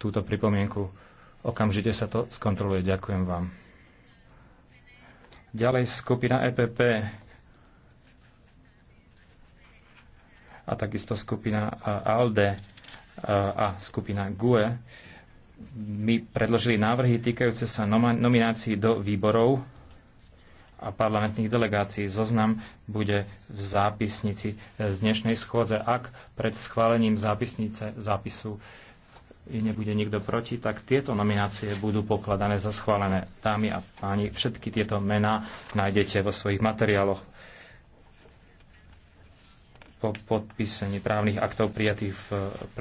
túto pripomienku. Okamžite sa to skontroluje. Ďakujem vám. Ďalej skupina EPP a takisto skupina ALDE a skupina GUE mi predložili návrhy týkajúce sa nominácií do výborov a parlamentných delegácií. Zoznam bude v zápisnici e, z dnešnej schôdze, ak pred schválením zápisnice zápisu nebude nikto proti, tak tieto nominácie budú pokladané za schválené. Dámy a páni, všetky tieto mená nájdete vo svojich materiáloch po podpísení právnych aktov prijatých v